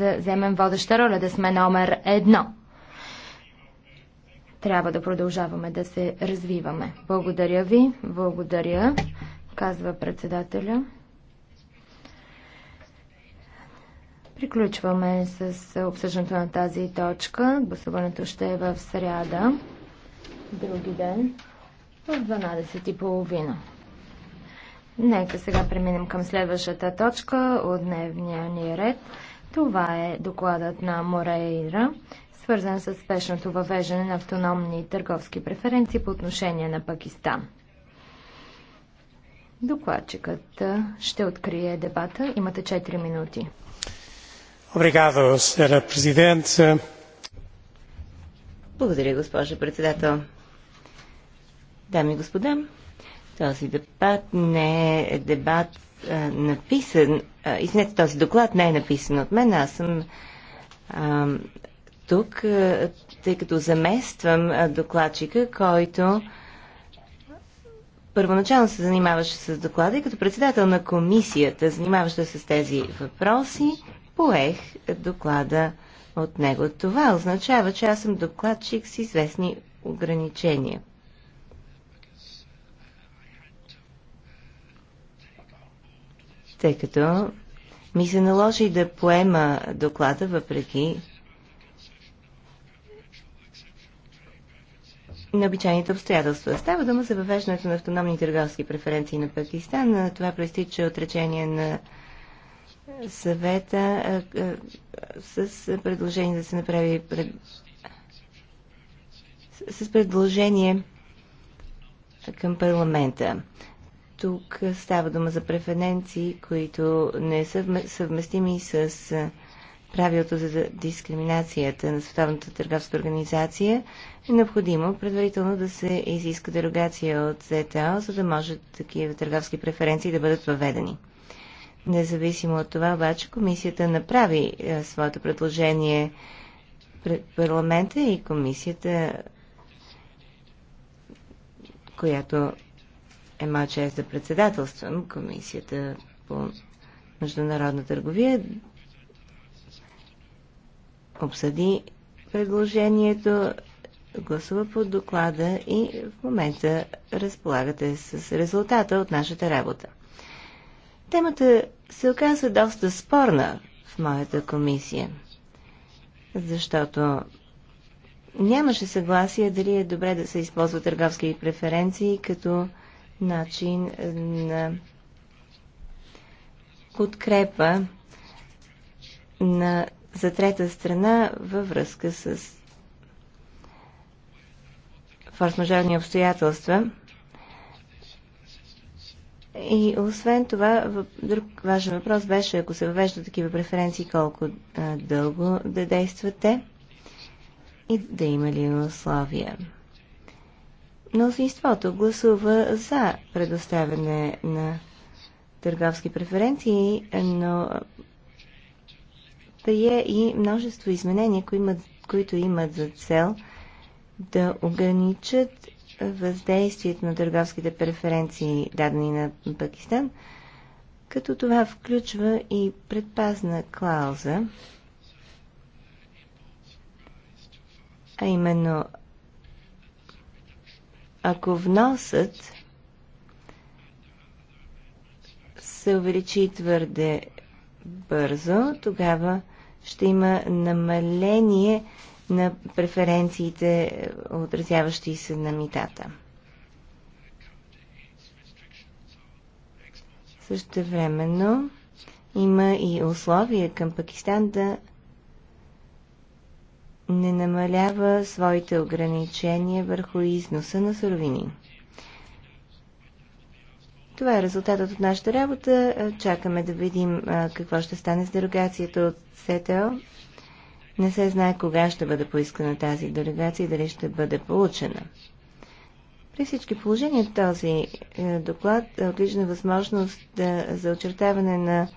да вземем водеща роля, да сме номер едно. Трябва да продължаваме да се развиваме. Благодаря ви, благодаря, казва председателя. Приключваме с обсъждането на тази точка. Гласуването ще е в сряда, други ден, в 12.30. Нека сега преминем към следващата точка от дневния ни ред. Това е докладът на Морейра, свързан с спешното въвеждане на автономни търговски преференции по отношение на Пакистан. Докладчикът ще открие дебата. Имате 4 минути. Обригадо, сера президент. Благодаря, госпожа председател. Дами и господа, този дебат не е дебат а, написан, а, изнете този доклад не е написан от мен, аз съм а, тук, а, тъй като замествам а, докладчика, който първоначално се занимаваше с доклада и като председател на комисията, занимаваща се с тези въпроси, поех доклада от него. Това означава, че аз съм докладчик с известни ограничения. тъй като ми се наложи да поема доклада, въпреки на обичайните обстоятелства. Става дума за въвеждането на автономни търговски преференции на Пакистан. Това проистича от речение на съвета а, а, с предложение да се направи пред... с предложение към парламента. Тук става дума за преференции, които не са съвместими с правилото за дискриминацията на Световната търговска организация. Е необходимо предварително да се изиска дерогация от ЗТО, за да може такива търговски преференции да бъдат въведени. Независимо от това, обаче, комисията направи своето предложение пред парламента и комисията, която е чест да председателствам Комисията по международна търговия. Обсъди предложението, гласува по доклада и в момента разполагате с резултата от нашата работа. Темата се оказа доста спорна в моята комисия, защото нямаше съгласие дали е добре да се използват търговски преференции като начин на подкрепа на, за трета страна във връзка с форс-мажорни обстоятелства. И освен това, друг важен въпрос беше, ако се въвеждат такива преференции, колко а, дълго да действате и да има ли условия. Мнозинството гласува за предоставяне на търговски преференции, но прие и множество изменения, кои имат, които имат за цел да ограничат въздействието на търговските преференции, дадени на Пакистан, като това включва и предпазна клауза, а именно ако вносът се увеличи твърде бързо, тогава ще има намаление на преференциите, отразяващи се на митата. Също времено има и условия към Пакистан да не намалява своите ограничения върху износа на суровини. Това е резултатът от нашата работа. Чакаме да видим какво ще стане с дерогацията от СТО. Не се знае кога ще бъде поискана тази дерогация и дали ще бъде получена. При всички положения този е, доклад е отлична възможност е, за очертаване на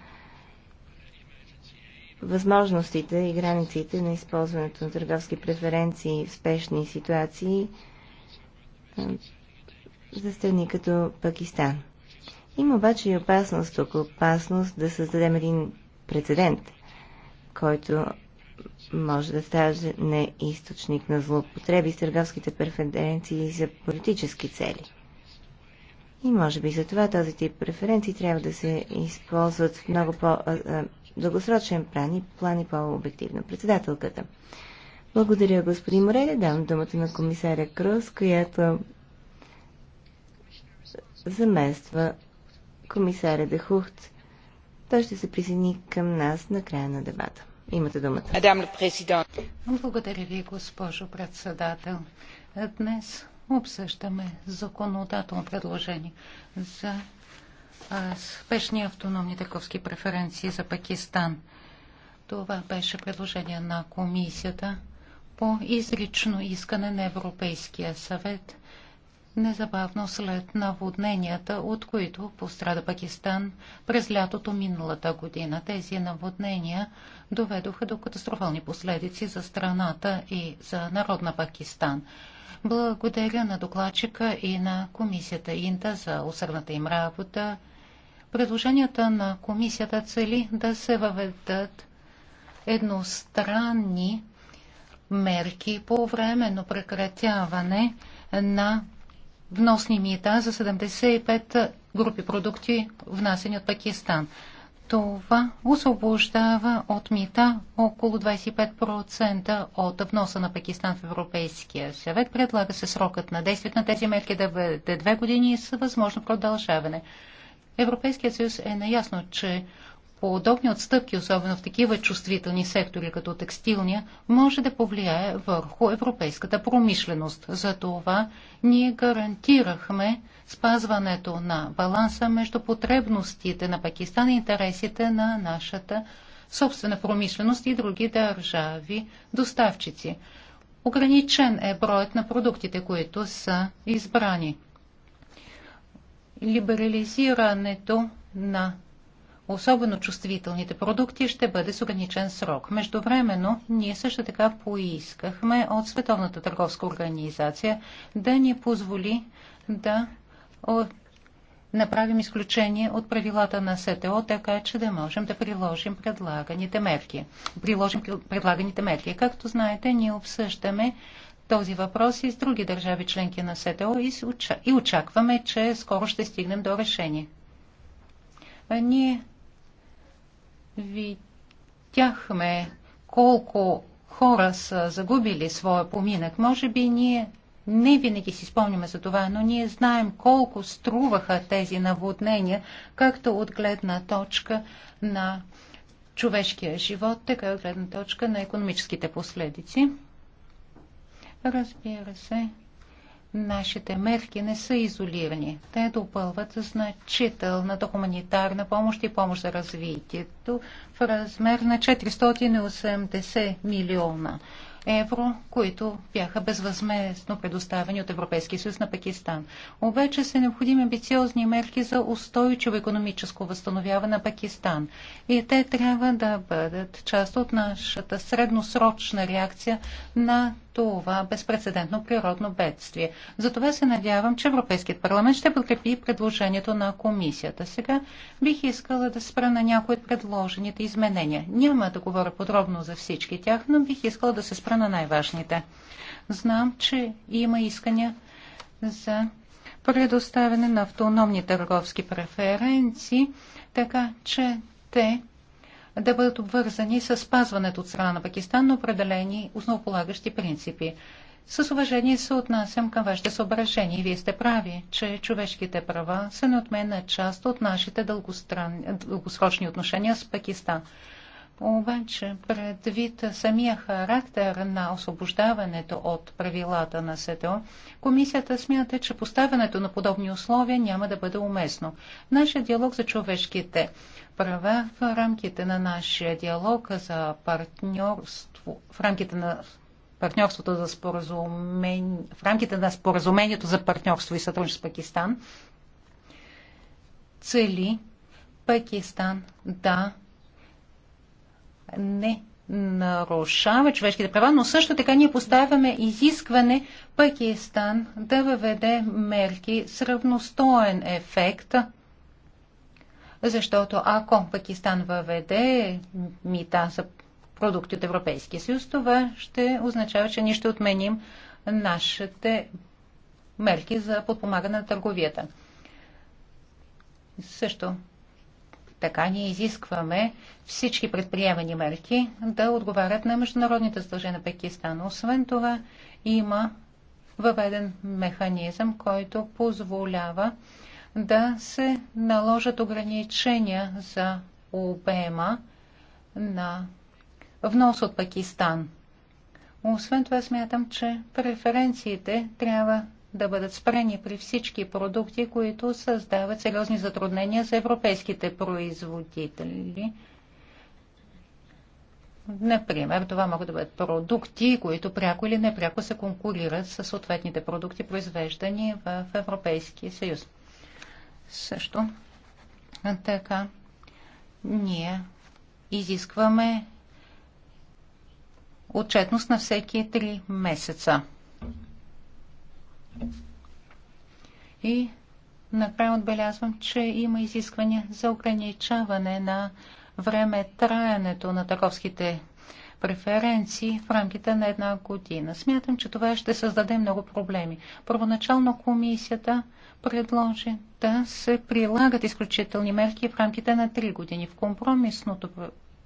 възможностите и границите на използването на търговски преференции в спешни ситуации за страни като Пакистан. Има обаче и опасност, тук опасност да създадем един прецедент, който може да стане източник на злоупотреби с търговските преференции за политически цели. И може би за това този тип преференции трябва да се използват в много по- дългосрочен план и, план и по обективна Председателката. Благодаря, господин Мореле. Давам думата на комисаря Крус, която замества комисаря Дехухт. Той ще се присъедини към нас на края на дебата. Имате думата. Благодаря ви, госпожо председател. Днес обсъждаме законодателно предложение за спешни автономни търговски преференции за Пакистан. Това беше предложение на комисията по изрично искане на Европейския съвет незабавно след наводненията, от които пострада Пакистан през лятото миналата година. Тези наводнения доведоха до катастрофални последици за страната и за народна Пакистан. Благодаря на докладчика и на комисията Инта за усърната им работа Предложенията на комисията цели да се въведат едностранни мерки по временно прекратяване на вносни мита за 75 групи продукти, внасени от Пакистан. Това освобождава от мита около 25% от вноса на Пакистан в Европейския съвет. Предлага се срокът на действието на тези мерки да бъде две години с възможно продължаване. Европейският съюз е наясно, че подобни отстъпки, особено в такива чувствителни сектори като текстилния, може да повлияе върху европейската промишленост. За това ние гарантирахме спазването на баланса между потребностите на Пакистан и интересите на нашата собствена промишленост и други държави доставчици. Ограничен е броят на продуктите, които са избрани либерализирането на особено чувствителните продукти ще бъде с ограничен срок. Междувременно ние също така поискахме от Световната търговска организация да ни позволи да направим изключение от правилата на СТО, така че да можем да приложим предлаганите мерки. Приложим предлаганите мерки. Както знаете, ние обсъждаме този въпрос и с други държави членки на СТО и очакваме, че скоро ще стигнем до решение. Ние видяхме колко хора са загубили своя поминък. Може би ние не винаги си спомняме за това, но ние знаем колко струваха тези наводнения, както от гледна точка на човешкия живот, така и от гледна точка на економическите последици. Разбира се, нашите мерки не са изолирани. Те допълват значителната хуманитарна помощ и помощ за развитието в размер на 480 милиона евро, които бяха безвъзместно предоставени от Европейския съюз на Пакистан. Обаче са необходими амбициозни мерки за устойчиво економическо възстановяване на Пакистан. И те трябва да бъдат част от нашата средносрочна реакция на това безпредседентно природно бедствие. Затова се надявам, че Европейският парламент ще подкрепи предложението на комисията. Сега бих искала да спра на някои от предложените изменения. Няма да говоря подробно за всички тях, но бих искала да се спра на най-важните. Знам, че има искания за предоставяне на автономни търговски преференции, така че те да бъдат обвързани с спазването от страна на Пакистан на определени основополагащи принципи. С уважение се отнасям към вашите съображения и вие сте прави, че човешките права са неотменна част от нашите дългосрочни отношения с Пакистан. Обаче, предвид самия характер на освобождаването от правилата на СТО, комисията смята, че поставянето на подобни условия няма да бъде уместно. Нашия диалог за човешките права в рамките на нашия диалог за партньорство, в рамките на партньорството за споразумение, в рамките на споразумението за партньорство и сътрудничество с Пакистан, цели Пакистан да не нарушава човешките права, но също така ние поставяме изискване Пакистан да въведе мерки с равностоен ефект, защото ако Пакистан въведе мита за продукти от Европейския съюз, това ще означава, че ние ще отменим нашите мерки за подпомагане на търговията. Също така ние изискваме всички предприемани мерки да отговарят на международните задължения на Пакистан. Освен това има въведен механизъм, който позволява да се наложат ограничения за обема на внос от Пакистан. Освен това смятам, че преференциите трябва да бъдат спрени при всички продукти, които създават сериозни затруднения за европейските производители. Например, това могат да бъдат продукти, които пряко или непряко се конкурират с съответните продукти, произвеждани в Европейския съюз. Също така ние изискваме отчетност на всеки три месеца. И накрая отбелязвам, че има изисквания за ограничаване на време траянето на търговските преференции в рамките на една година. Смятам, че това ще създаде много проблеми. Първоначално комисията предложи да се прилагат изключителни мерки в рамките на три години. В компромисното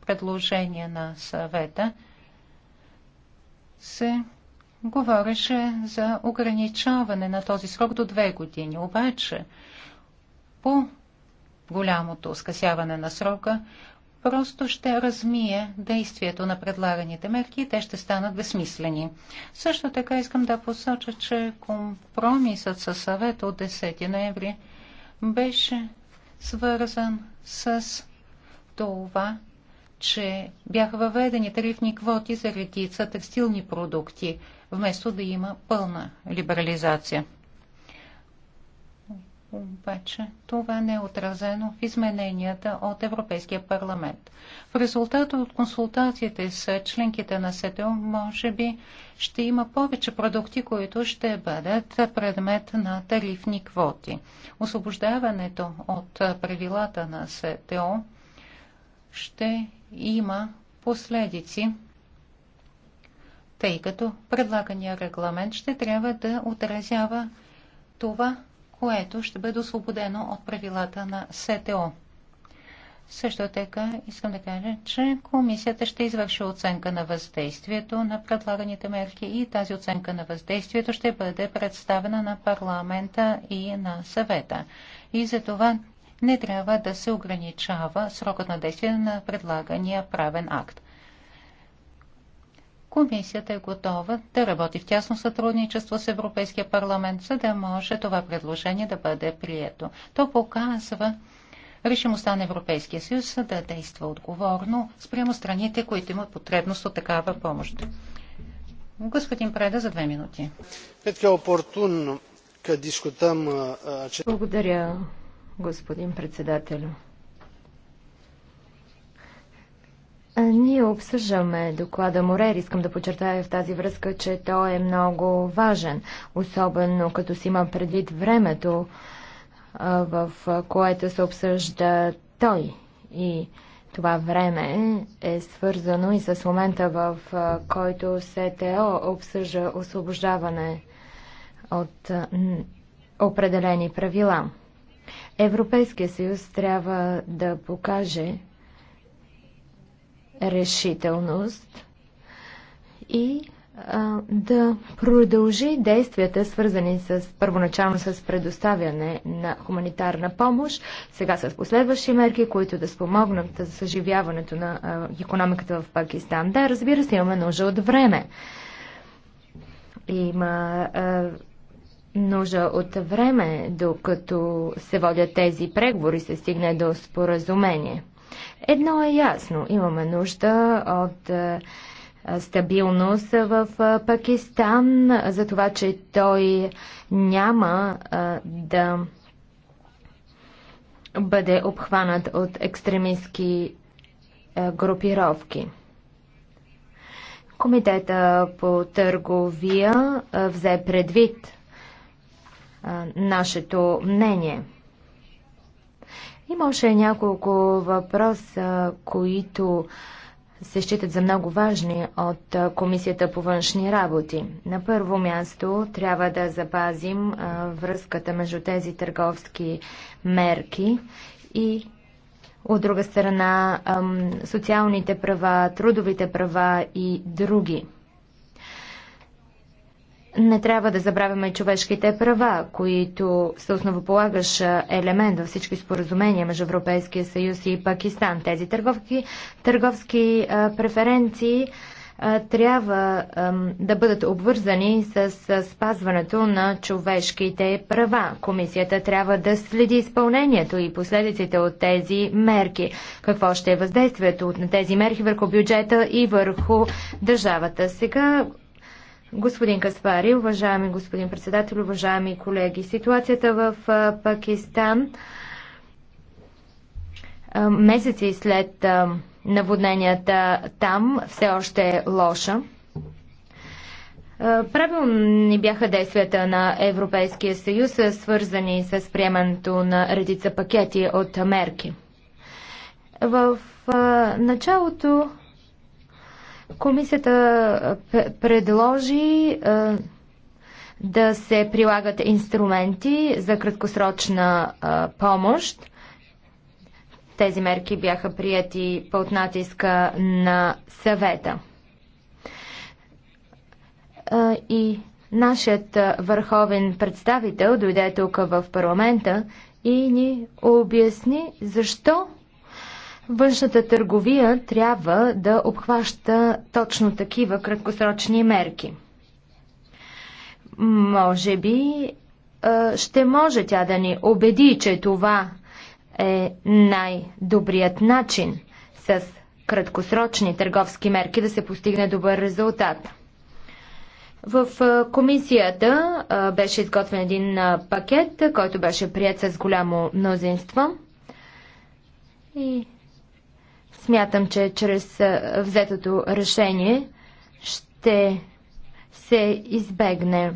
предложение на съвета се говореше за ограничаване на този срок до две години. Обаче, по голямото скъсяване на срока, просто ще размие действието на предлаганите мерки и те ще станат безсмислени. Също така искам да посоча, че компромисът със съвета от 10 ноември беше свързан с това, че бяха въведени тарифни квоти за редица текстилни продукти – вместо да има пълна либерализация. Обаче това не е отразено в измененията от Европейския парламент. В резултат от консултациите с членките на СТО, може би ще има повече продукти, които ще бъдат предмет на тарифни квоти. Освобождаването от правилата на СТО ще има последици тъй като предлагания регламент ще трябва да отразява това, което ще бъде освободено от правилата на СТО. Също така искам да кажа, че комисията ще извърши оценка на въздействието на предлаганите мерки и тази оценка на въздействието ще бъде представена на парламента и на съвета. И за това не трябва да се ограничава срокът на действие на предлагания правен акт. Комисията е готова да работи в тясно сътрудничество с Европейския парламент, за да може това предложение да бъде прието. То показва решимостта на Европейския съюз да действа отговорно спрямо страните, които имат потребност от такава помощ. Господин Преда за две минути. E Благодаря, господин председател. Ние обсъждаме доклада Морер. Искам да подчертая в тази връзка, че той е много важен, особено като си има предвид времето, в което се обсъжда той. И това време е свързано и с момента, в който СТО обсъжда освобождаване от определени правила. Европейския съюз трябва да покаже, решителност и а, да продължи действията, свързани с първоначално с предоставяне на хуманитарна помощ, сега с последващи мерки, които да спомогнат за съживяването на а, економиката в Пакистан. Да, разбира се, имаме нужда от време. Има а, нужда от време, докато се водят тези преговори, се стигне до споразумение. Едно е ясно. Имаме нужда от е, стабилност в е, Пакистан, за това, че той няма е, да бъде обхванат от екстремистски групировки. Комитета по търговия взе предвид нашето мнение. Имаше няколко въпроса, които се считат за много важни от Комисията по външни работи. На първо място трябва да запазим връзката между тези търговски мерки и от друга страна социалните права, трудовите права и други. Не трябва да забравяме човешките права, които са основополагаш елемент във всички споразумения между Европейския съюз и Пакистан. Тези търговки, търговски а, преференции а, трябва а, да бъдат обвързани с, с спазването на човешките права. Комисията трябва да следи изпълнението и последиците от тези мерки. Какво ще е въздействието на тези мерки върху бюджета и върху държавата. Сега Господин Каспари, уважаеми господин председател, уважаеми колеги, ситуацията в Пакистан месеци след наводненията там все още е лоша. Правилни бяха действията на Европейския съюз, свързани с приемането на редица пакети от мерки. В началото Комисията предложи да се прилагат инструменти за краткосрочна помощ. Тези мерки бяха прияти под натиска на съвета. И нашият върховен представител дойде тук в парламента и ни обясни защо Външната търговия трябва да обхваща точно такива краткосрочни мерки. Може би ще може тя да ни убеди, че това е най-добрият начин с краткосрочни търговски мерки да се постигне добър резултат. В комисията беше изготвен един пакет, който беше прият с голямо мнозинство. И Смятам, че чрез взетото решение ще се избегне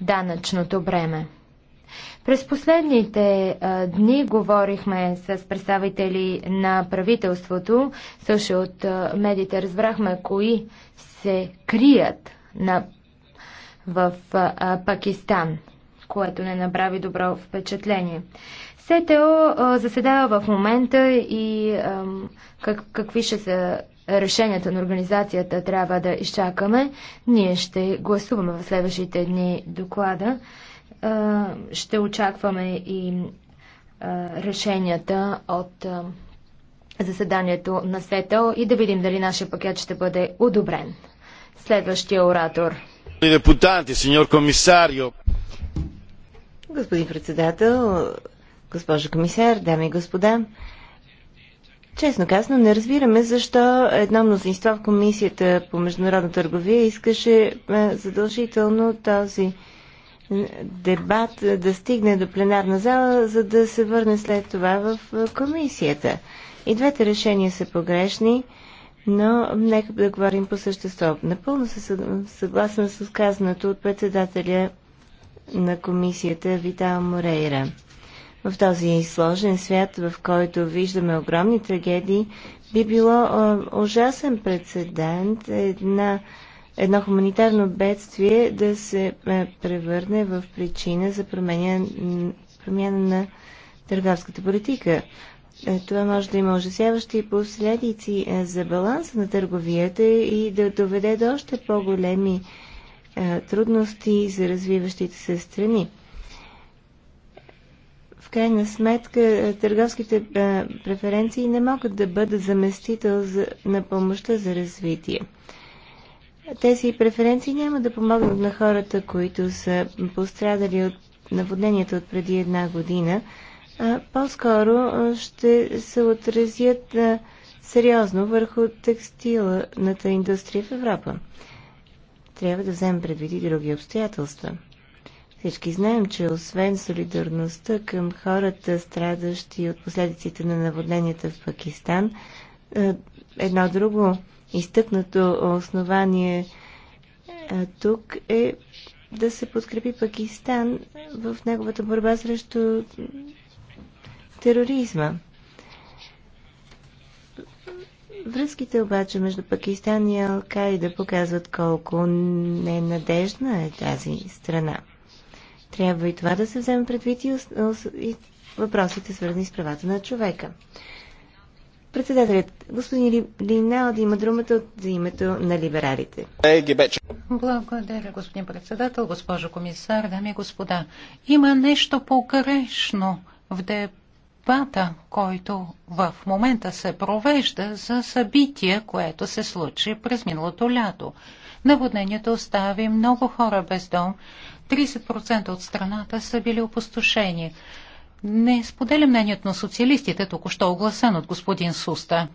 данъчното бреме. През последните а, дни говорихме с представители на правителството. Също от а, медиите разбрахме кои се крият на, в а, Пакистан, което не направи добро впечатление. СТО заседава в момента и как, какви ще са решенията на организацията трябва да изчакаме. Ние ще гласуваме в следващите дни доклада. Ще очакваме и решенията от заседанието на СТО и да видим дали нашия пакет ще бъде одобрен. Следващия оратор. Депутати, сеньор комисарио. Господин председател, госпожо комисар, дами и господа. Честно казано, не разбираме защо едно мнозинство в Комисията по международна търговия искаше е, задължително този е, дебат е, да стигне до пленарна зала, за да се върне след това в комисията. И двете решения са погрешни, но нека да говорим по същество. Напълно се съгласна с казаното от председателя на комисията Витал Морейра в този сложен свят, в който виждаме огромни трагедии, би било ужасен прецедент една, едно хуманитарно бедствие да се превърне в причина за промяна, промяна на търговската политика. Е, това може да има ужасяващи последици е, за баланса на търговията и да доведе до още по-големи е, трудности за развиващите се страни в крайна сметка е, търговските е, преференции не могат да бъдат заместител за, на помощта за развитие. Тези преференции няма да помогнат на хората, които са пострадали от наводнението от преди една година. По-скоро е, ще се отразят сериозно върху текстилната индустрия в Европа. Трябва да вземем предвид и други обстоятелства. Всички знаем, че освен солидарността към хората, страдащи от последиците на наводненията в Пакистан, е, едно друго изтъкнато основание е, тук е да се подкрепи Пакистан в неговата борба срещу тероризма. Връзките обаче между Пакистан и Алкаида показват колко ненадежна е тази страна. Трябва и това да се вземе предвид и, и въпросите, свързани с правата на човека. Председателят, господин да има думата от името на либералите. Благодаря, господин председател, госпожо комисар, дами и господа. Има нещо по-грешно в дебата, който в момента се провежда за събитие, което се случи през миналото лято. Наводнението остави много хора без дом, 30% от страната са били опустошени. Не споделя мнението на социалистите, току-що огласен от господин Суста.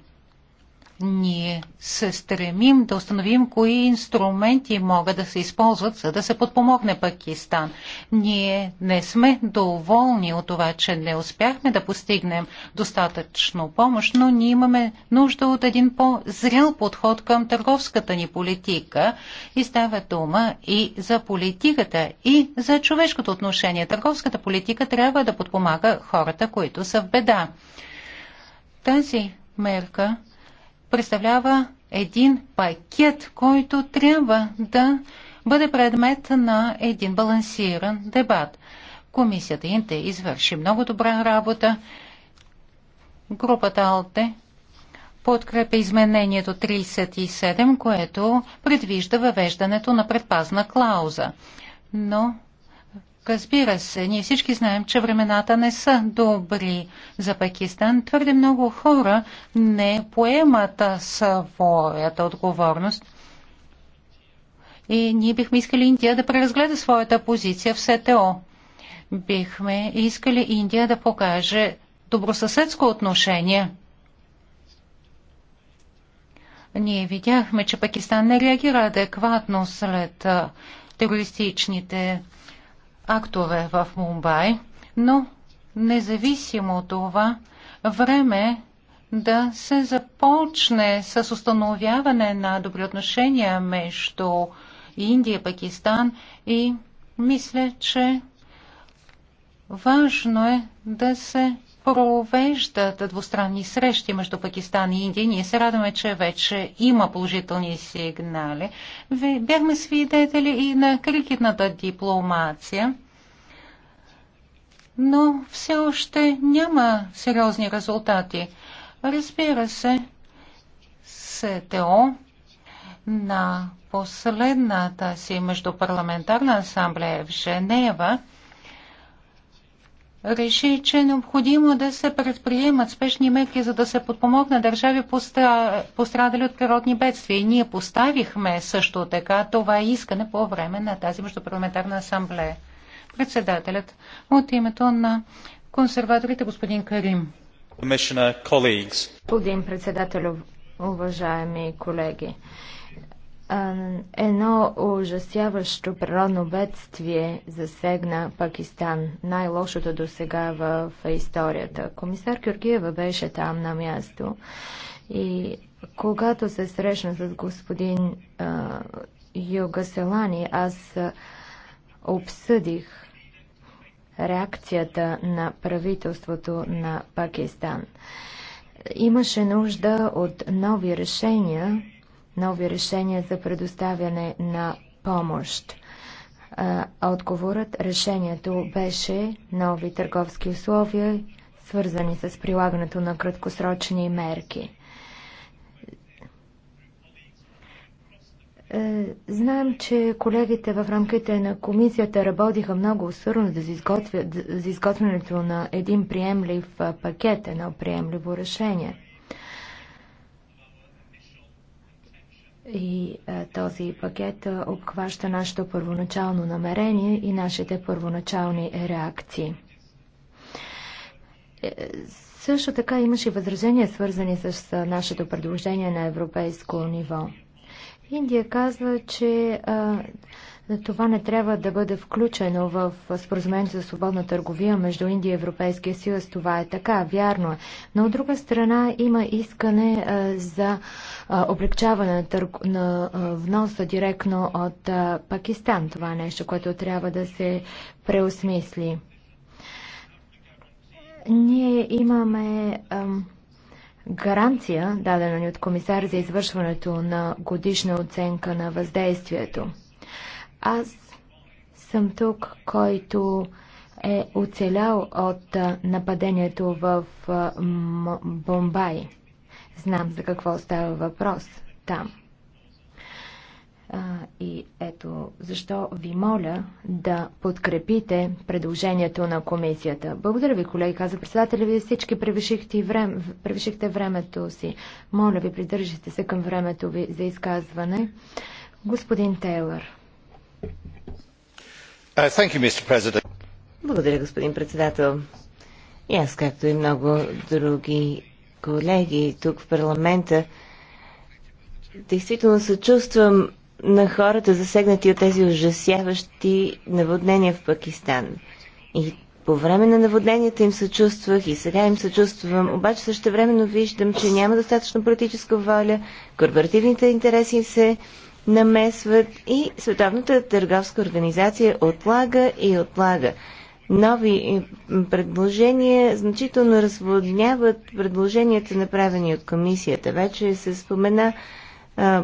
Ние се стремим да установим кои инструменти могат да се използват, за да се подпомогне Пакистан. Ние не сме доволни от това, че не успяхме да постигнем достатъчно помощ, но ние имаме нужда от един по-зрял подход към търговската ни политика и става дума и за политиката, и за човешкото отношение. Търговската политика трябва да подпомага хората, които са в беда. Тази мерка представлява един пакет, който трябва да бъде предмет на един балансиран дебат. Комисията Инте извърши много добра работа. Групата Алте подкрепя изменението 37, което предвижда въвеждането на предпазна клауза. Но Разбира се, ние всички знаем, че времената не са добри за Пакистан. Твърде много хора не поемат своята отговорност. И ние бихме искали Индия да преразгледа своята позиция в СТО. Бихме искали Индия да покаже добросъседско отношение. Ние видяхме, че Пакистан не реагира адекватно след терористичните актове в Мумбай, но независимо от това, време е да се започне с установяване на добри отношения между Индия, и Пакистан и мисля, че важно е да се провеждат двустранни срещи между Пакистан и Индия. Ние се радваме, че вече има положителни сигнали. Бяхме свидетели и на крикетната дипломация, но все още няма сериозни резултати. Разбира се, СТО на последната си междупарламентарна асамблея в Женева – реши, че е необходимо да се предприемат спешни мерки, за да се подпомогна държави пострадали от природни бедствия. И ние поставихме също така това искане по време на тази междупарламентарна асамблея. Председателят от името на консерваторите господин Карим. Господин председател, уважаеми колеги. Едно ужасяващо природно бедствие засегна Пакистан, най-лошото до сега в историята. Комисар Кюргиева беше там на място и когато се срещна с господин Йогаселани, Юга Селани, аз обсъдих реакцията на правителството на Пакистан. Имаше нужда от нови решения, нови решения за предоставяне на помощ. Отговорът, решението беше нови търговски условия, свързани с прилагането на краткосрочни мерки. Е, Знаем, че колегите в рамките на комисията работиха много усърно за, изготвя, за изготвянето на един приемлив пакет, едно приемливо решение. И а, е, този пакет а, е, обхваща нашето първоначално намерение и нашите първоначални реакции. Е, също така имаше възражения, свързани с е, нашето предложение на европейско ниво. Индия казва, че а, това не трябва да бъде включено в споразумението за свободна търговия между Индия и Европейския съюз. Това е така, вярно е. Но от друга страна има искане за облегчаване на, търг... на вноса директно от Пакистан. Това е нещо, което трябва да се преосмисли. Ние имаме гаранция, дадена ни от комисар за извършването на годишна оценка на въздействието. Аз съм тук, който е оцелял от нападението в Бомбай. Знам за какво става въпрос там. И ето защо ви моля да подкрепите предложението на комисията. Благодаря ви, колеги, каза председателя. Вие всички превишихте, време, превишихте времето си. Моля ви, придържайте се към времето ви за изказване. Господин Тейлър. Uh, Благодаря, господин председател. И аз, както и много други колеги тук в парламента, действително съчувствам на хората засегнати от тези ужасяващи наводнения в Пакистан. И по време на наводненията им съчувствах и сега им съчувствам, обаче също времено виждам, че няма достатъчно политическа воля, корпоративните интереси се намесват и Световната търговска организация отлага и отлага. Нови е, предложения значително разводняват предложенията, направени от комисията. Вече се спомена а,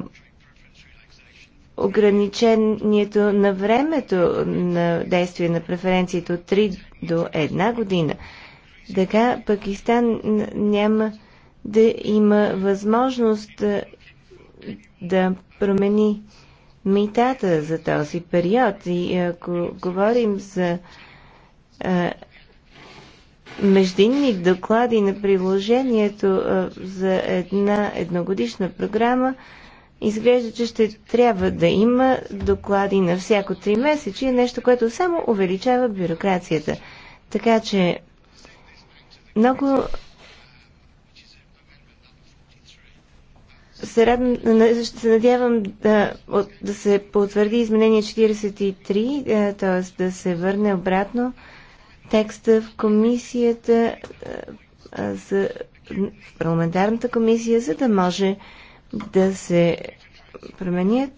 ограничението на времето на действие на преференциите от 3 до 1 година. Така Пакистан няма да има възможност да промени митата за този период. И е, ако говорим за а, е, междинни доклади на приложението а, е, за една едногодишна програма, изглежда, че ще трябва да има доклади на всяко три Е нещо, което само увеличава бюрокрацията. Така че много се, радвам, се надявам да, от, да се потвърди изменение 43, е, т.е. да се върне обратно текста в комисията е, за в парламентарната комисия, за да може да се променят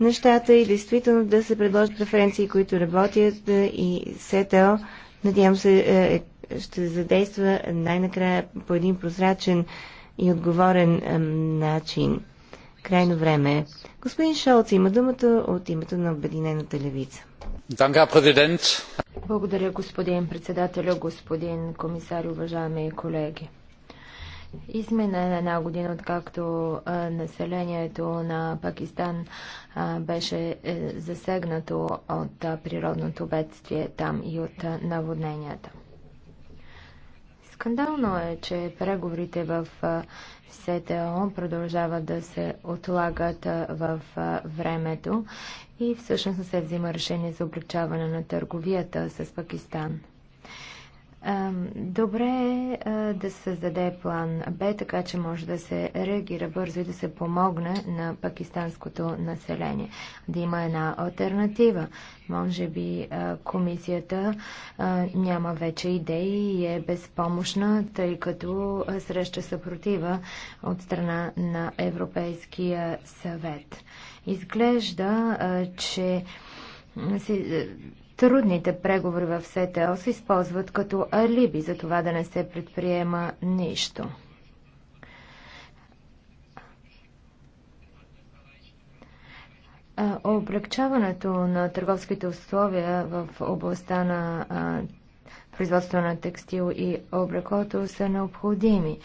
нещата и действително да се предложат преференции, които работят е, и СТО. Надявам се, ще задейства най-накрая по един прозрачен и отговорен начин. Крайно време е. Господин Шолц има думата от името на Обединената левица. Благодаря, господин председател, господин комисар, уважаеми колеги. Измина е една година, откакто е, населението на Пакистан беше засегнато от природното бедствие там и от наводненията. Скандално е, че преговорите в СТО продължават да се отлагат в времето и всъщност се взима решение за облегчаване на търговията с Пакистан. Добре е да се създаде план Б, така че може да се реагира бързо и да се помогне на пакистанското население. Да има една альтернатива. Може би комисията няма вече идеи и е безпомощна, тъй като среща съпротива от страна на Европейския съвет. Изглежда, че трудните преговори в СТО се използват като алиби за това да не се предприема нищо. Облегчаването на търговските условия в областта на производство на текстил и облекото са необходими.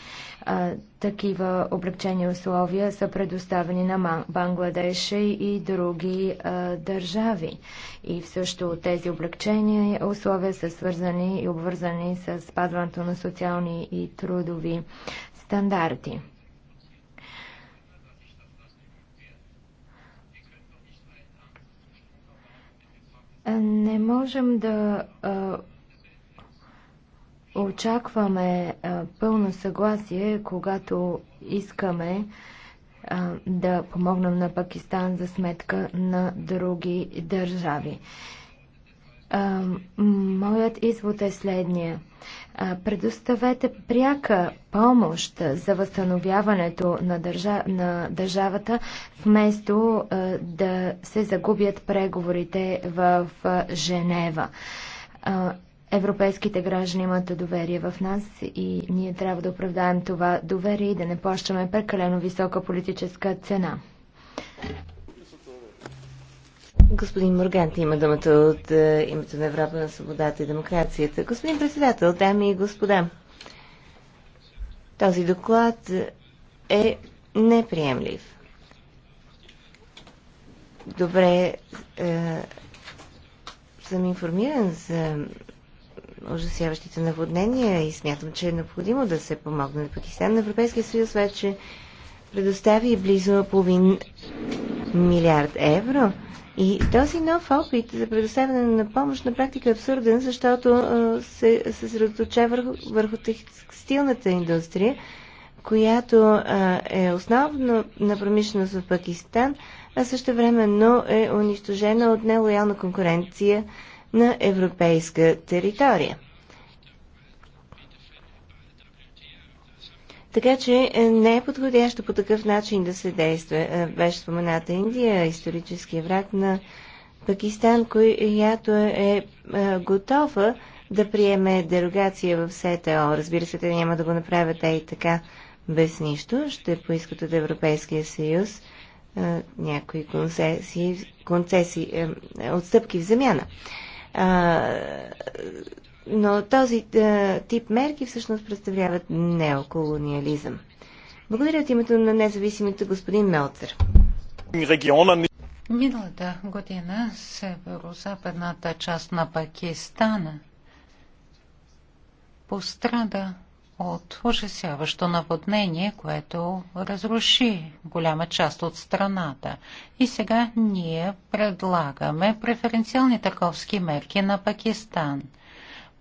А, такива облегчени условия са предоставени на Бангладеш и други а, държави. И също тези облегчени условия са свързани и обвързани с спазването на социални и трудови стандарти. Не можем да Очакваме пълно съгласие, когато искаме да помогнем на Пакистан за сметка на други държави. Моят извод е следния. Предоставете пряка помощ за възстановяването на, държа... на държавата, вместо да се загубят преговорите в Женева Европейските граждани имат доверие в нас и ние трябва да оправдаем това доверие и да не плащаме прекалено висока политическа цена. Господин Моргант има думата от е, името на Европа на свободата и демокрацията. Господин председател, дами и господа, този доклад е неприемлив. Добре е, съм информиран за ужасяващите наводнения и смятам, че е необходимо да се помогне на Пакистан. Европейския съюз вече предостави близо половин милиард евро. И този нов опит за предоставяне на помощ на практика е абсурден, защото се съсредоточава върху, върху текстилната индустрия, която е основна на промишленост в Пакистан, а също времено е унищожена от нелоялна конкуренция на европейска територия. Така че е, не е подходящо по такъв начин да се действа. Е, беше спомената Индия, историческия враг на Пакистан, която е, е готова да приеме дерогация в СТО. Разбира се, те няма да го направят и така без нищо. Ще поискат от Европейския съюз някои концесии, концесии отстъпки в замяна. А, но този а, тип мерки всъщност представляват неоколониализъм. Благодаря от името на независимите господин Мелцер. Миналата година северо-западната част на Пакистана пострада от ужасяващо наводнение, което разруши голяма част от страната. И сега ние предлагаме преференциални търговски мерки на Пакистан.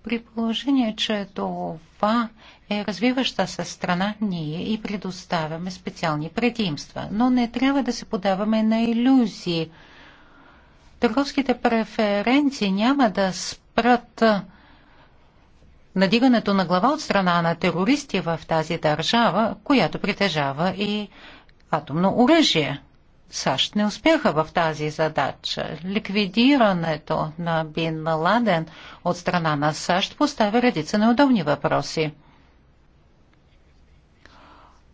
При положение, че това е развиваща се страна, ние и предоставяме специални предимства. Но не трябва да се подаваме на иллюзии. Търговските преференции няма да спрат надигането на глава от страна на терористи в тази държава, която притежава и атомно оръжие. САЩ не успяха в тази задача. Ликвидирането на Бин Ладен от страна на САЩ поставя редица неудобни въпроси.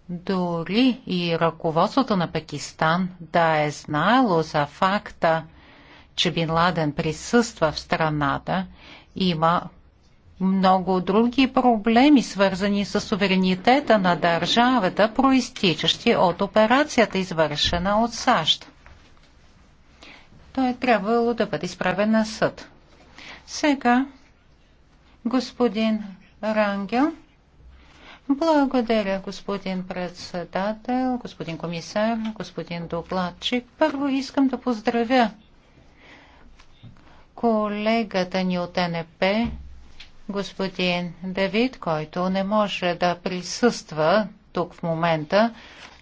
Дори и ръководството на Пакистан да е знаело за факта, че Бин Ладен присъства в страната, има много други проблеми, свързани с суверенитета на държавата, проистичащи от операцията, извършена от САЩ. Той е трябвало да бъде изправен на съд. Сега, господин Рангел, благодаря, господин председател, господин комисар, господин докладчик. Първо искам да поздравя колегата ни от НП, господин Давид, който не може да присъства тук в момента,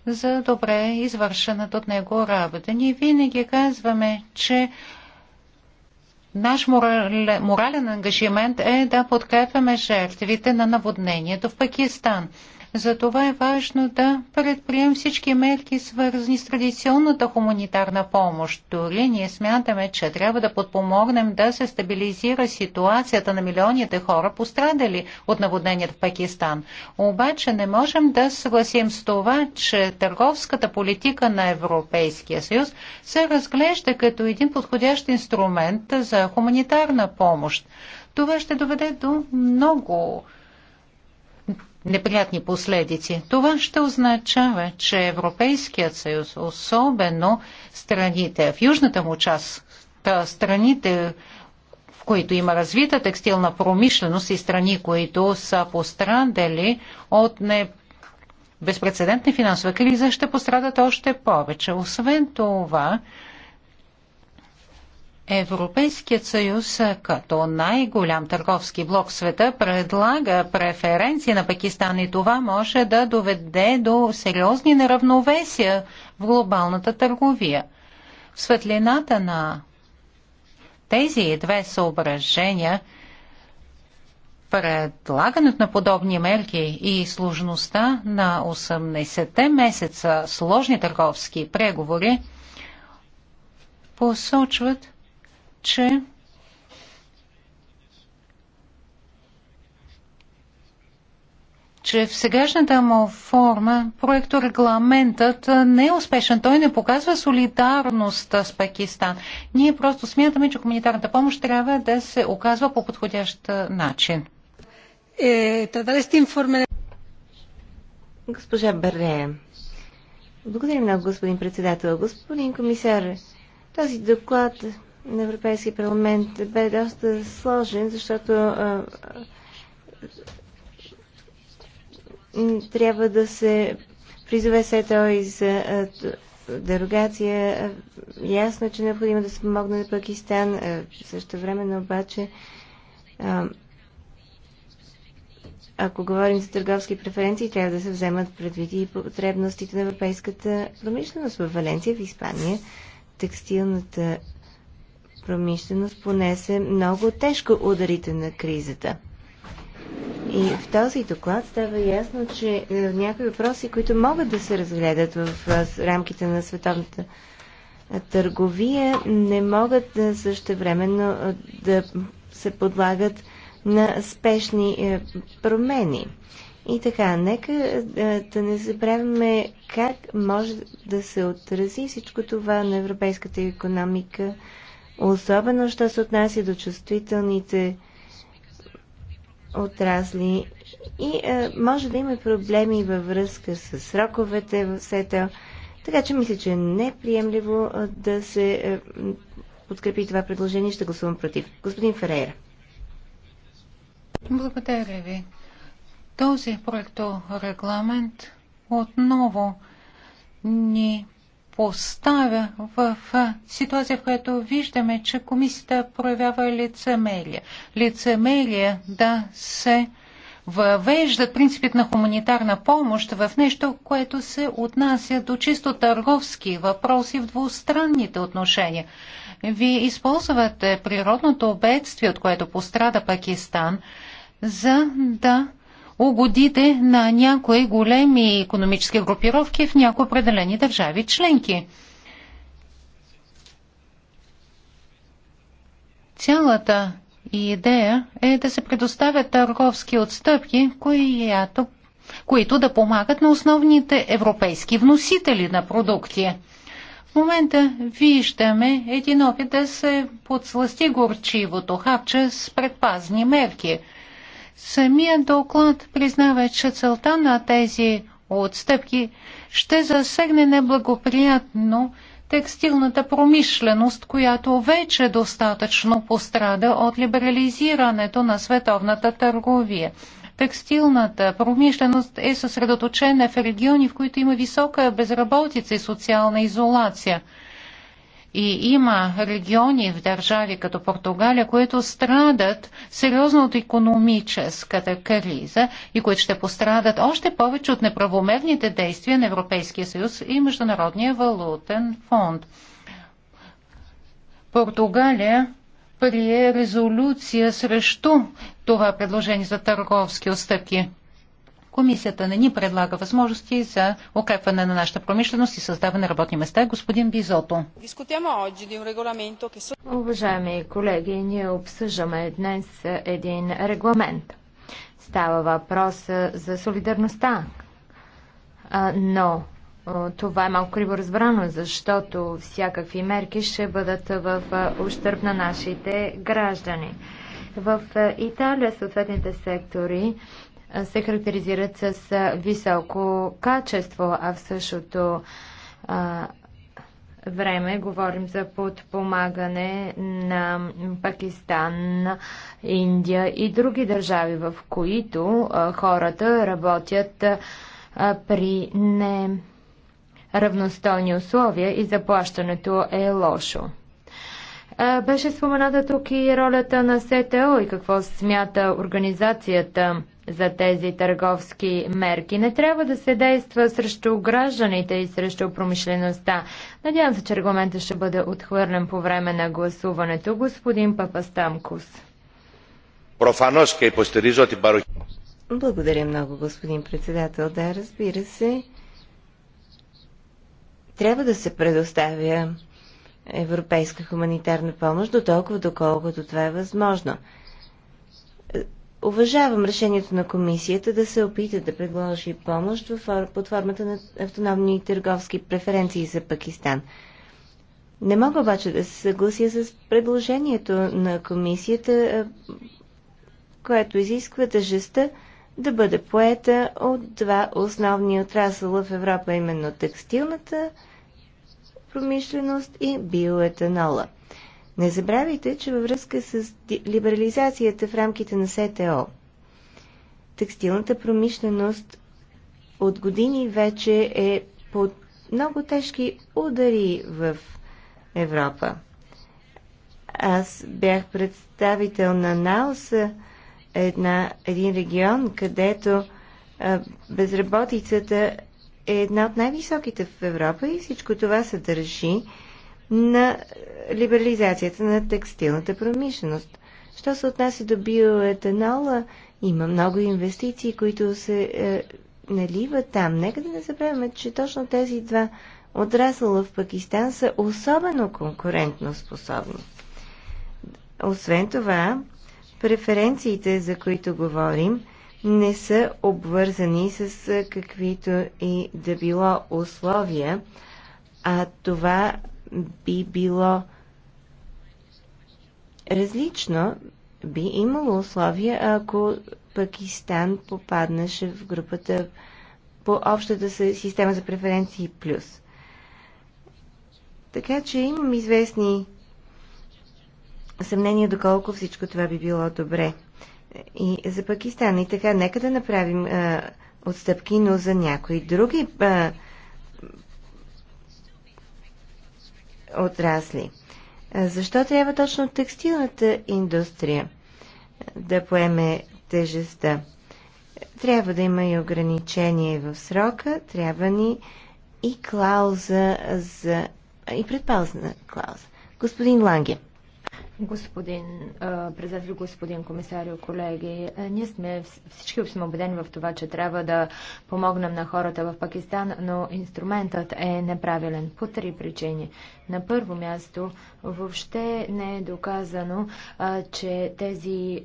за добре извършената от него работа. Ние винаги казваме, че наш морален, морален ангажимент е да подкрепяме жертвите на наводнението в Пакистан. Затова е важно да предприем всички мерки, свързани с традиционната хуманитарна помощ. Дори ние смятаме, че трябва да подпомогнем да се стабилизира ситуацията на милионите хора, пострадали от наводнението в Пакистан. Обаче не можем да съгласим с това, че търговската политика на Европейския съюз се разглежда като един подходящ инструмент за хуманитарна помощ. Това ще доведе до много неприятни последици. Това ще означава, че Европейският съюз, особено страните в южната му част, страните, в които има развита текстилна промишленост и страни, които са пострадали от не безпредседентна финансова криза ще пострадат още повече. Освен това, Европейският съюз като най-голям търговски блок в света предлага преференции на Пакистан и това може да доведе до сериозни неравновесия в глобалната търговия. В светлината на тези две съображения предлагането на подобни мерки и сложността на 18-те месеца сложни търговски преговори посочват, че че в сегашната му форма проекторегламентът не е успешен. Той не показва солидарност с Пакистан. Ние просто смятаме, че хуманитарната помощ трябва да се оказва по подходящ начин. Е, информе... Госпожа Беррея, благодарим много, господин председател. Господин комисар, този доклад на Европейския парламент бе доста сложен, защото а, трябва да се призове се той за а, дерогация. Ясно е, че е необходимо да се помогне на Пакистан. Също времено обаче, ако говорим за търговски преференции, трябва да се вземат предвид и потребностите на европейската промишленост в Валенция, в Испания. Текстилната промишленост понесе много тежко ударите на кризата. И в този доклад става ясно, че е, някои въпроси, които могат да се разгледат в рамките на световната търговия, не могат същевременно да се подлагат на спешни е, промени. И така, нека е, да не забравяме как може да се отрази всичко това на европейската економика особено що се отнася до чувствителните отрасли и а, е, може да има проблеми във връзка с сроковете в СЕТЕЛ. Така че мисля, че е неприемливо е, да се а, е, подкрепи това предложение. Ще гласувам против. Господин Ферейра. Благодаря ви. Този проекто регламент отново ни поставя в ситуация, в която виждаме, че комисията проявява лицемерие. Лицемерие да се въвеждат принципите на хуманитарна помощ в нещо, което се отнася до чисто търговски въпроси в двустранните отношения. Вие използвате природното бедствие, от което пострада Пакистан, за да угодите на някои големи економически групировки в някои определени държави членки. Цялата идея е да се предоставят търговски отстъпки, която, които да помагат на основните европейски вносители на продукти. В момента виждаме един опит да се подсласти горчивото хапче с предпазни мерки – Самият доклад признава, че целта на тези отстъпки ще засегне неблагоприятно текстилната промишленост, която вече достатъчно пострада от либерализирането на световната търговия. Текстилната промишленост е съсредоточена в региони, в които има висока безработица и социална изолация – и има региони в държави като Португалия, които страдат сериозно от економическата криза и които ще пострадат още повече от неправомерните действия на Европейския съюз и Международния валутен фонд. Португалия прие резолюция срещу това предложение за търговски отстъпки. Комисията не ни предлага възможности за укрепване на нашата промишленост и създаване на работни места. Господин Бизото. Уважаеми колеги, ние обсъждаме днес един регламент. Става въпрос за солидарността. Но това е малко криво разбрано, защото всякакви мерки ще бъдат в ущърп на нашите граждани. В Италия съответните сектори се характеризират с високо качество, а в същото време говорим за подпомагане на Пакистан, Индия и други държави, в които хората работят при неравностойни условия и заплащането е лошо. Беше спомената тук и ролята на СТО и какво смята организацията за тези търговски мерки. Не трябва да се действа срещу гражданите и срещу промишлеността. Надявам се, че регламентът ще бъде отхвърлен по време на гласуването. Господин Папастамкус. Профанос και υποστηρίζω την Благодаря много, господин председател. Да, разбира се. Трябва да се предоставя европейска хуманитарна помощ, до толкова доколкото това е възможно. Уважавам решението на комисията да се опита да предложи помощ под формата на автономни търговски преференции за Пакистан. Не мога обаче да се съглася с предложението на комисията, което изисква тъжеста да бъде поета от два основни отрасъла в Европа, именно текстилната промишленост и биоетанола. Не забравяйте, че във връзка с либерализацията в рамките на СТО, текстилната промишленост от години вече е под много тежки удари в Европа. Аз бях представител на Наоса, една, един регион, където а, безработицата е една от най-високите в Европа и всичко това се държи на либерализацията на текстилната промишленост. Що се отнася до биоетанола, има много инвестиции, които се е, наливат там. Нека да не забравяме, че точно тези два отрасъла в Пакистан са особено конкурентно способни. Освен това, преференциите, за които говорим, не са обвързани с каквито и да било условия, а това би било различно, би имало условия, ако Пакистан попаднаше в групата по общата система за преференции плюс. Така че имам известни съмнения доколко всичко това би било добре и за Пакистан. И така, нека да направим а, отстъпки, но за някои други а, отрасли. А, защо трябва точно текстилната индустрия да поеме тежестта? Трябва да има и ограничение в срока, трябва ни и клауза за... и предпазна клауза. Господин Ланге. Господин председател, господин комисарио, колеги, ние сме всички сме убедени в това, че трябва да помогнем на хората в Пакистан, но инструментът е неправилен по три причини. На първо място, въобще не е доказано, че тези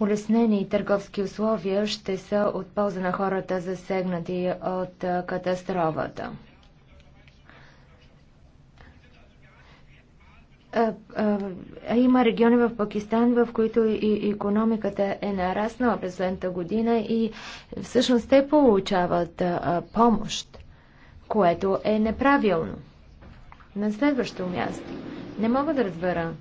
улеснени търговски условия ще са от полза на хората, засегнати от катастрофата. Има региони в Пакистан, в които и економиката е нараснала през следната година и всъщност те получават помощ, което е неправилно. На следващо място. Не мога да разбера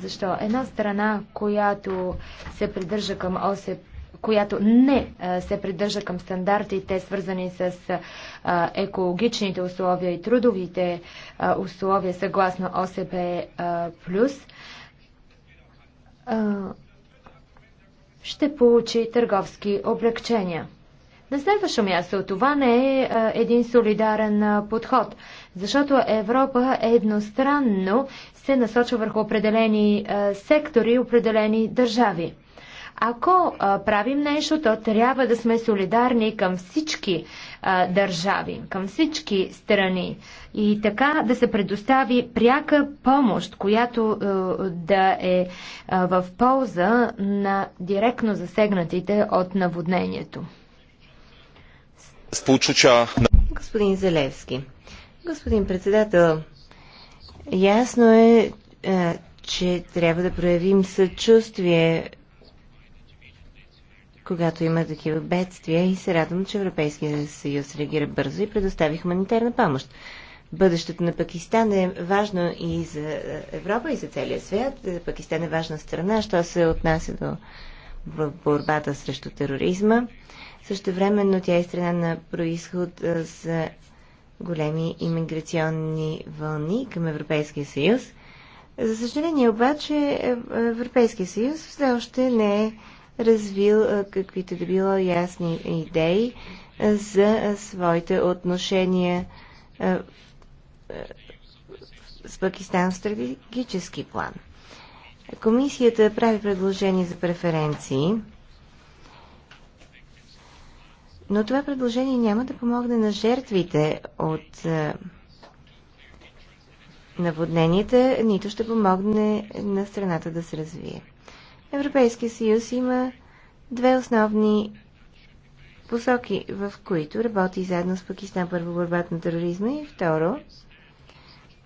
защо една страна, която се придържа към ОСП, която не се придържа към стандартите, свързани с екологичните условия и трудовите условия съгласно ОСБ, плюс, ще получи търговски облегчения. На следващо място това не е един солидарен подход, защото Европа едностранно се насочва върху определени сектори, определени държави. Ако а, правим нещо, то трябва да сме солидарни към всички а, държави, към всички страни и така да се предостави пряка помощ, която а, да е а, в полза на директно засегнатите от наводнението. Господин Зелевски, господин председател, ясно е, че трябва да проявим съчувствие когато има такива бедствия и се радвам, че Европейския съюз реагира бързо и предостави хуманитарна помощ. Бъдещето на Пакистан е важно и за е, Европа, и за целия свят. Е, Пакистан е важна страна, що се отнася до борбата срещу тероризма. Също времено тя е страна на происход е, за големи иммиграционни вълни към Европейския съюз. За съжаление обаче Европейския съюз все още не е развил каквито да било ясни идеи за своите отношения с Пакистан в стратегически план. Комисията прави предложение за преференции, но това предложение няма да помогне на жертвите от наводненията, нито ще помогне на страната да се развие. Европейския съюз има две основни посоки, в които работи заедно с Пакистан. Първо борбата на тероризма и второ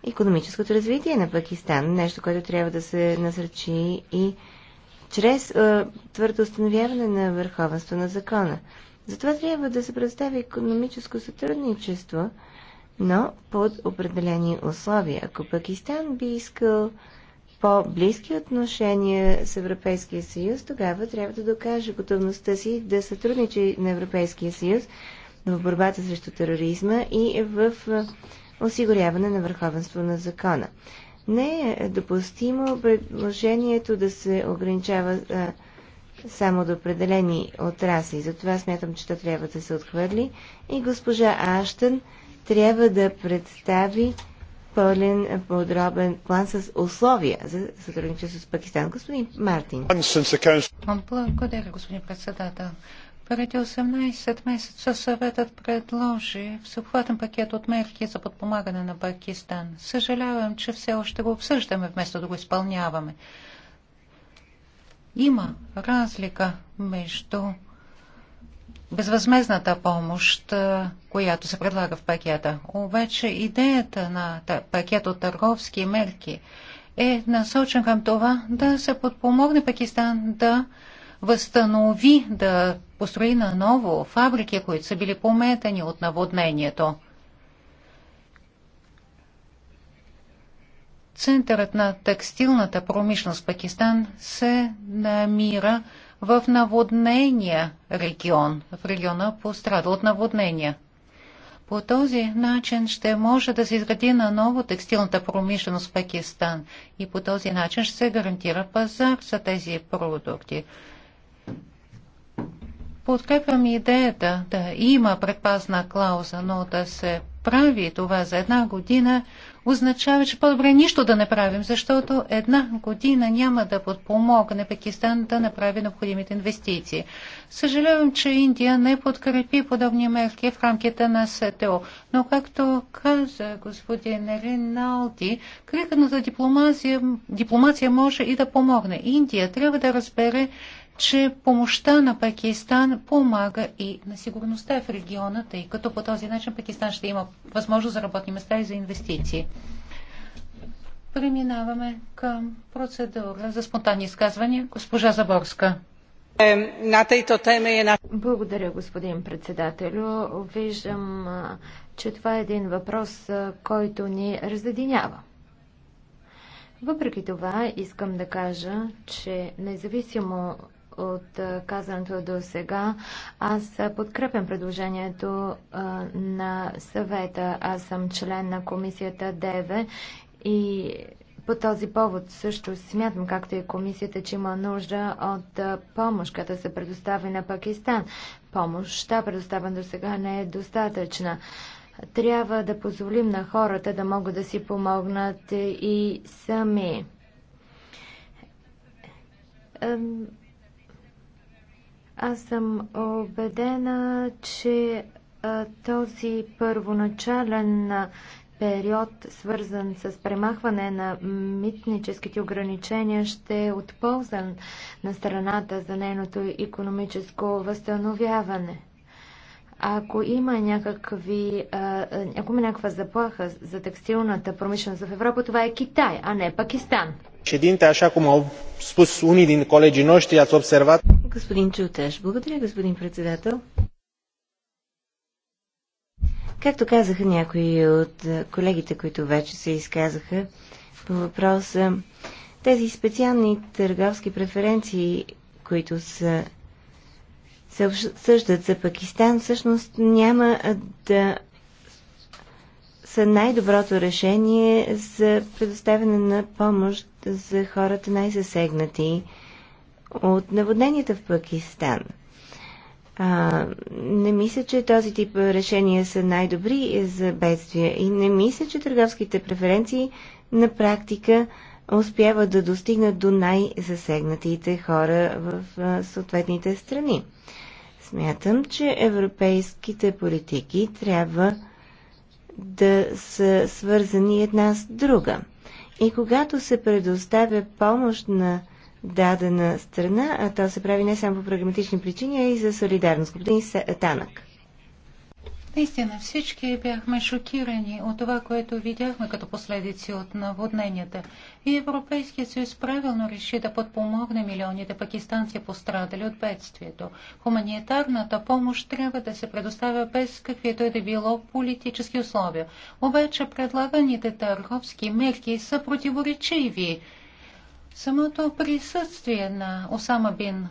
економическото развитие на Пакистан. Нещо, което трябва да се насръчи и чрез е, твърдо установяване на върховенство на закона. Затова трябва да се представи економическо сътрудничество, но под определени условия. Ако Пакистан би искал по-близки отношения с Европейския съюз, тогава трябва да докаже готовността си да сътрудничи на Европейския съюз в борбата срещу тероризма и в осигуряване на върховенство на закона. Не е допустимо предложението да се ограничава а, само до определени отрасли. Затова смятам, че то трябва да се отхвърли и госпожа Аштън трябва да представи пълен подробен план с условия за сътрудничество с Пакистан. Господин Мартин. Благодаря, господин председател. Преди 18 месеца съветът предложи всеобхватен пакет от мерки за подпомагане на Пакистан. Съжалявам, че все още го обсъждаме, вместо да го изпълняваме. Има разлика между безвъзмезната помощ, която се предлага в пакета. Обаче идеята на пакет от търговски мерки е насочен към това да се подпомогне Пакистан да възстанови, да построи наново фабрики, които са били пометени от наводнението. Центърът на текстилната промишленост в Пакистан се намира в наводнения регион, в региона пострадал от наводнения. По този начин ще може да се изгради на ново текстилната промишленост в Пакистан и по този начин ще се гарантира пазар за тези продукти. Подкрепям идеята да има предпазна клауза, но да се прави това за една година означава, че по-добре нищо да не правим, защото една година няма да подпомогне Пакистан да направи необходимите инвестиции. Съжалявам, че Индия не подкрепи подобни мерки в рамките на СТО, но както каза господин Риналди, криканата дипломация, дипломация може и да помогне. Индия трябва да разбере, че помощта на Пакистан помага и на сигурността в региона, тъй като по този начин Пакистан ще има възможност за работни места и за инвестиции. Преминаваме към процедура за спонтанни изказвания. Госпожа Заборска. Е Благодаря, господин председателю. Виждам, че това е един въпрос, който ни разединява. Въпреки това, искам да кажа, че независимо от казаното до сега. Аз подкрепям предложението на съвета. Аз съм член на комисията ДЕВЕ и по този повод също смятам, както и комисията, че има нужда от помощ, като се предостави на Пакистан. Помощта, предоставена до сега, не е достатъчна трябва да позволим на хората да могат да си помогнат и сами. Аз съм убедена, че този първоначален период, свързан с премахване на митническите ограничения, ще е от полза на страната за нейното економическо възстановяване. Ако има, някакви, ако има някаква заплаха за текстилната промишленост в Европа, това е Китай, а не Пакистан așa cum au spus unii din colegii noștri, ați observat... Господин Чуташ, благодаря, господин председател. Както казаха някои от колегите, които вече се изказаха по въпроса, тези специални търговски преференции, които са, се обсъждат за Пакистан, всъщност няма да са най-доброто решение за предоставяне на помощ за хората най-засегнати от наводненията в Пакистан. А, не мисля, че този тип решения са най-добри за бедствия и не мисля, че търговските преференции на практика успяват да достигнат до най-засегнатите хора в а, съответните страни. Смятам, че европейските политики трябва да са свързани една с друга. И когато се предоставя помощ на дадена страна, а то се прави не само по прагматични причини, а и за солидарност. Господин Танък. Наистина всички бяхме шокирани от това, което видяхме като последици от наводненията. И Европейският съюз правилно реши да подпомогне милионите пакистанци пострадали от бедствието. Хуманитарната помощ трябва да се предоставя без каквито и да било политически условия. Обаче предлаганите търговски мерки са противоречиви. Самото присъствие на Осама Бин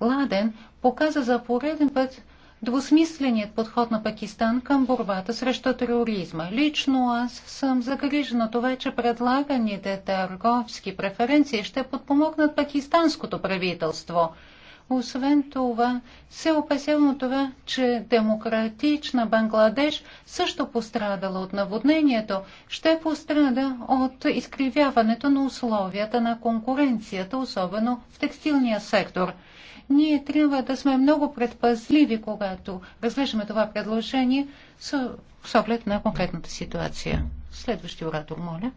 Ладен показа за пореден път, двусмисленият подход на Пакистан към борбата срещу тероризма. Лично аз съм загрижена това, че предлаганите търговски преференции ще подпомогнат пакистанското правителство. Освен това, се опасявам от това, че демократична Бангладеш също пострадала от наводнението, ще пострада от изкривяването на условията на конкуренцията, особено в текстилния сектор – ние трябва да сме много предпазливи, когато разглеждаме това предложение с, оглед на конкретната ситуация. Следващи оратор, моля.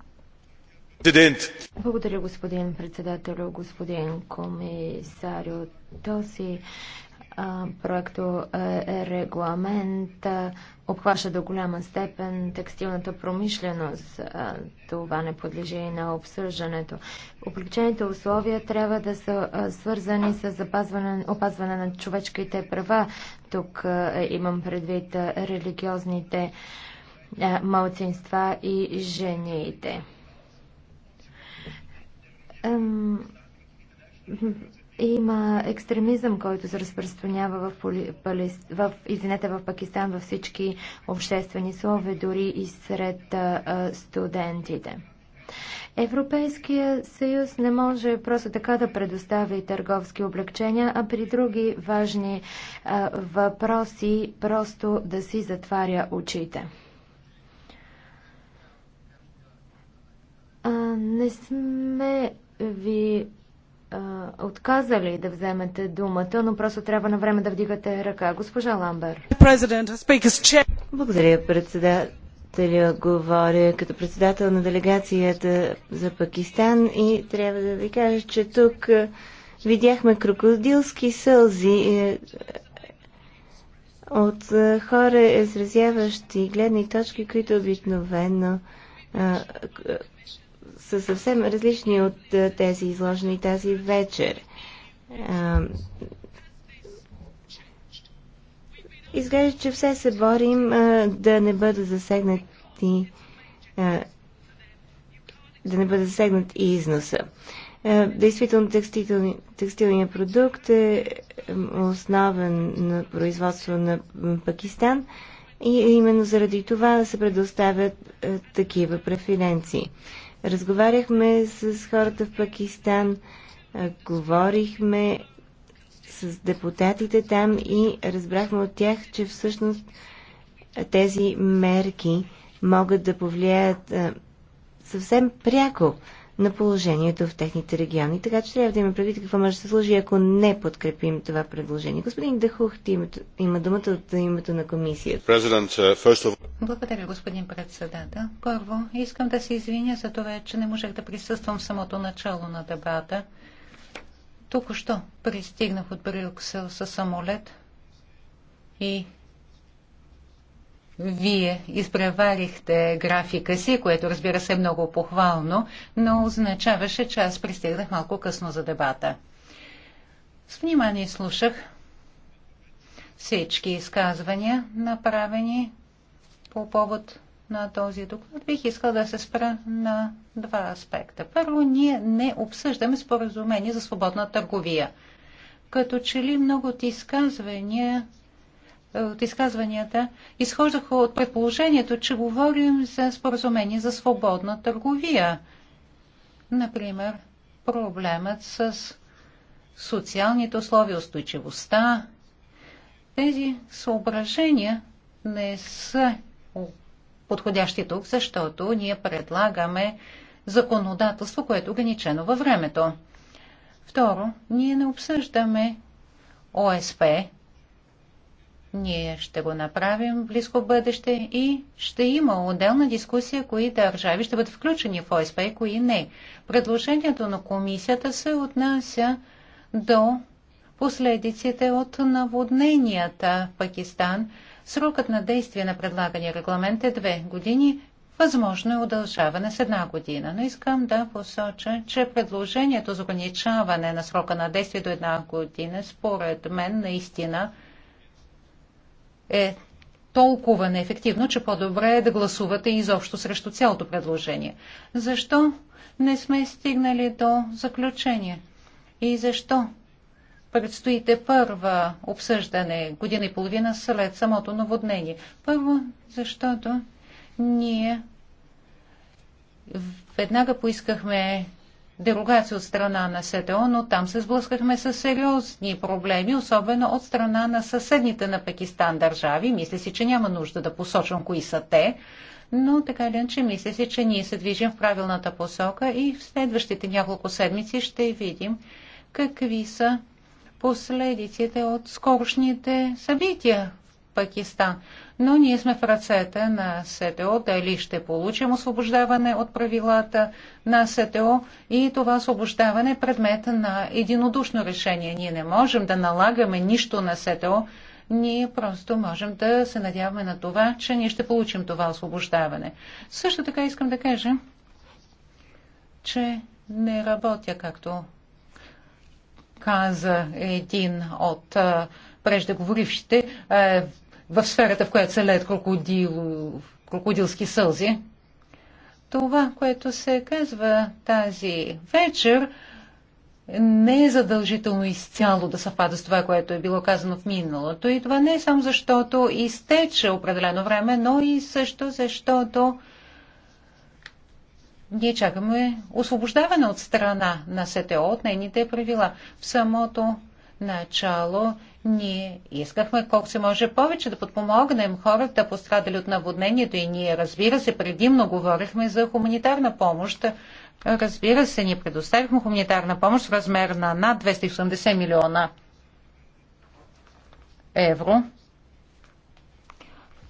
Благодаря, господин председател, господин комисарио. Този проекто е, е, регламент обхваща до голяма степен текстилната промишленост. Това не подлежи и на обсъждането. Облегчените условия трябва да са свързани с запазване, опазване на човешките права. Тук имам предвид религиозните малцинства и жените има екстремизъм, който се разпространява в, поли, палес, в, извинете, в Пакистан във всички обществени слове, дори и сред а, студентите. Европейския съюз не може просто така да предостави търговски облегчения, а при други важни а, въпроси просто да си затваря очите. А, не сме ви отказали да вземете думата, но просто трябва на време да вдигате ръка. Госпожа Ламбер. Благодаря, председателя. Говоря като председател на делегацията за Пакистан и трябва да ви кажа, че тук видяхме крокодилски сълзи е, от хора, изразяващи гледни точки, които обикновено са съвсем различни от тези изложени тази вечер. Изглежда, че все се борим да не бъдат засегнати да не бъде засегнат и износа. действително текстилният продукт е основен на производство на Пакистан и именно заради това се предоставят такива преференции. Разговаряхме с хората в Пакистан, говорихме с депутатите там и разбрахме от тях, че всъщност тези мерки могат да повлияят съвсем пряко на положението в техните региони. Така че трябва да има предвид какво може да се служи, ако не подкрепим това предложение. Господин Дахухт името, има думата от името на комисията. Uh, Благодаря, господин председател. Първо, искам да се извиня за това, че не можех да присъствам в самото начало на дебата. Току-що пристигнах от Брюксел със самолет и вие изпреварихте графика си, което разбира се е много похвално, но означаваше, че аз пристигнах малко късно за дебата. С внимание слушах всички изказвания, направени по повод на този доклад, бих искал да се спра на два аспекта. Първо, ние не обсъждаме споразумение за свободна търговия. Като че ли много от изказвания от изказванията изхождаха от предположението, че говорим за споразумение за свободна търговия. Например, проблемът с социалните условия, устойчивостта. Тези съображения не са подходящи тук, защото ние предлагаме законодателство, което е ограничено във времето. Второ, ние не обсъждаме ОСП, ние ще го направим в близко бъдеще и ще има отделна дискусия, кои държави ще бъдат включени в ОСП и кои не. Предложението на комисията се отнася до последиците от наводненията в Пакистан. Срокът на действие на предлагания регламент е две години. Възможно е удължаване с една година, но искам да посоча, че предложението за ограничаване на срока на действие до една година, според мен, наистина – е толкова неефективно, че по-добре е да гласувате изобщо срещу цялото предложение. Защо не сме стигнали до заключение? И защо предстоите първа обсъждане година и половина след самото наводнение? Първо, защото ние веднага поискахме дерогация от страна на СТО, но там се сблъскахме с сериозни проблеми, особено от страна на съседните на Пакистан държави. Мисля си, че няма нужда да посочвам кои са те, но така или иначе мисля си, че ние се движим в правилната посока и в следващите няколко седмици ще видим какви са последиците от скорошните събития в Пакистан но ние сме в ръцете на СТО, дали ще получим освобождаване от правилата на СТО и това освобождаване е предмет на единодушно решение. Ние не можем да налагаме нищо на СТО, ние просто можем да се надяваме на това, че ние ще получим това освобождаване. Също така искам да кажа, че не работя както каза един от преждеговорившите в сферата, в която се леят крокодил, крокодилски сълзи. Това, което се казва тази вечер, не е задължително изцяло да съвпада с това, което е било казано в миналото. И това не е само защото изтече определено време, но и също защото ние чакаме освобождаване от страна на СТО от нейните правила. В самото начало ние искахме колко се може повече да подпомогнем хората, пострадали от наводнението и ние, разбира се, предимно говорихме за хуманитарна помощ. Разбира се, ние предоставихме хуманитарна помощ в размер на над 280 милиона евро.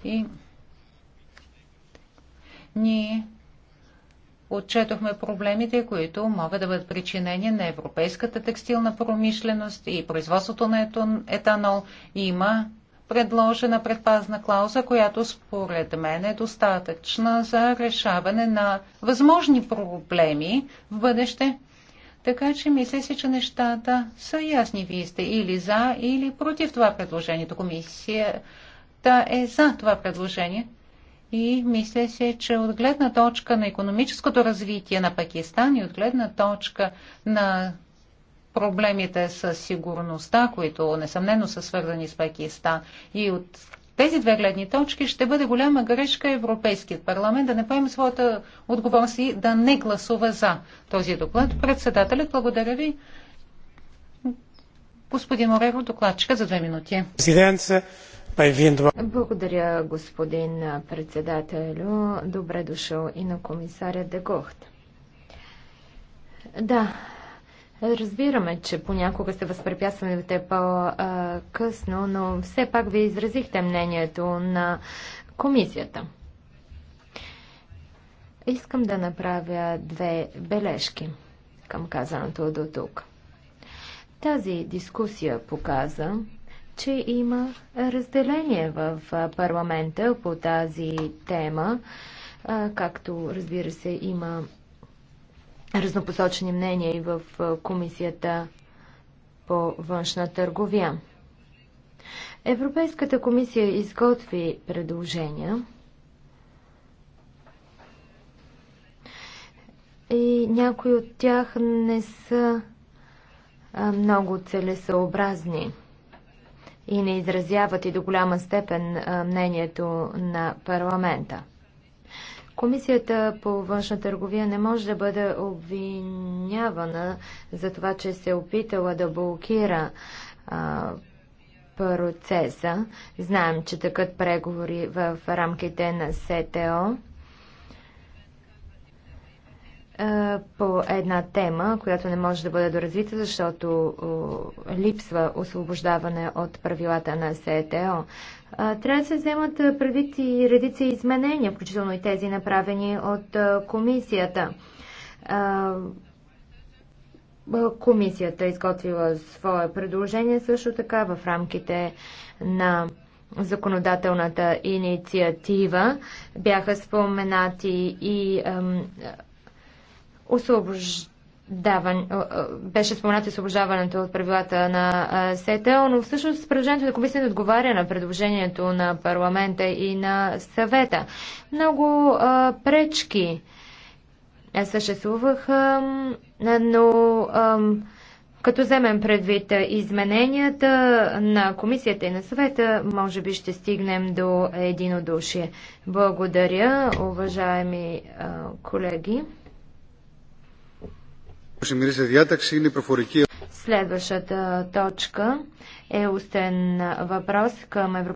И ние отчетохме проблемите, които могат да бъдат причинени на европейската текстилна промишленост и производството на етанол. Има предложена предпазна клауза, която според мен е достатъчна за решаване на възможни проблеми в бъдеще. Така че мисля си, че нещата са ясни. Вие сте или за, или против това предложението. Комисията е за това предложение. И мисля се, че от гледна точка на економическото развитие на Пакистан и от гледна точка на проблемите с сигурността, които несъмнено са свързани с Пакистан и от тези две гледни точки ще бъде голяма грешка Европейският парламент да не поеме своята отговорност и да не гласува за този доклад. Председателят, благодаря ви. Господин Морево, докладчика за две минути. Благодаря, господин председателю. Добре дошъл и на комисаря Дегохт. Да, разбираме, че понякога се възпрепятствате по-късно, но все пак ви изразихте мнението на комисията. Искам да направя две бележки към казаното до тук. Тази дискусия показа, че има разделение в парламента по тази тема, както разбира се има разнопосочни мнения и в комисията по външна търговия. Европейската комисия изготви предложения и някои от тях не са много целесъобразни и не изразяват и до голяма степен мнението на парламента. Комисията по външна търговия не може да бъде обвинявана за това, че се е опитала да блокира а, процеса. Знаем, че такът преговори в рамките на СТО по една тема, която не може да бъде доразвита, защото липсва освобождаване от правилата на СЕТО. Трябва да се вземат предвид и редица изменения, включително и тези направени от комисията. Комисията е изготвила свое предложение също така в рамките на законодателната инициатива. Бяха споменати и освобождаване, беше споменато освобождаването от правилата на СЕТЕЛ, но всъщност предложението на комисията отговаря на предложението на парламента и на съвета. Много пречки съществуваха, но като вземем предвид измененията на комисията и на съвета, може би ще стигнем до единодушие. Благодаря, уважаеми колеги. Следващата точка е устен въпрос към Европейския